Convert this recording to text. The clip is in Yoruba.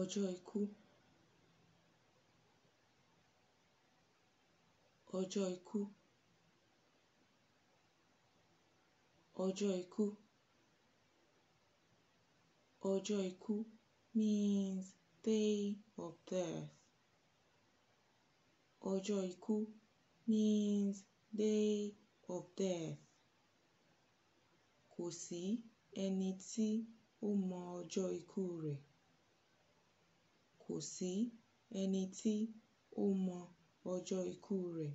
ọjọ́ ikú ọjọ́ ikú ọjọ́ ikú ọjọ́ ikú means day of death ọjọ́ ikú means day of death kò sí ẹni tí ó mọ ọjọ́ ikú rẹ̀ kò sí ẹni tí ó mọ ọjọ́ ikú rẹ̀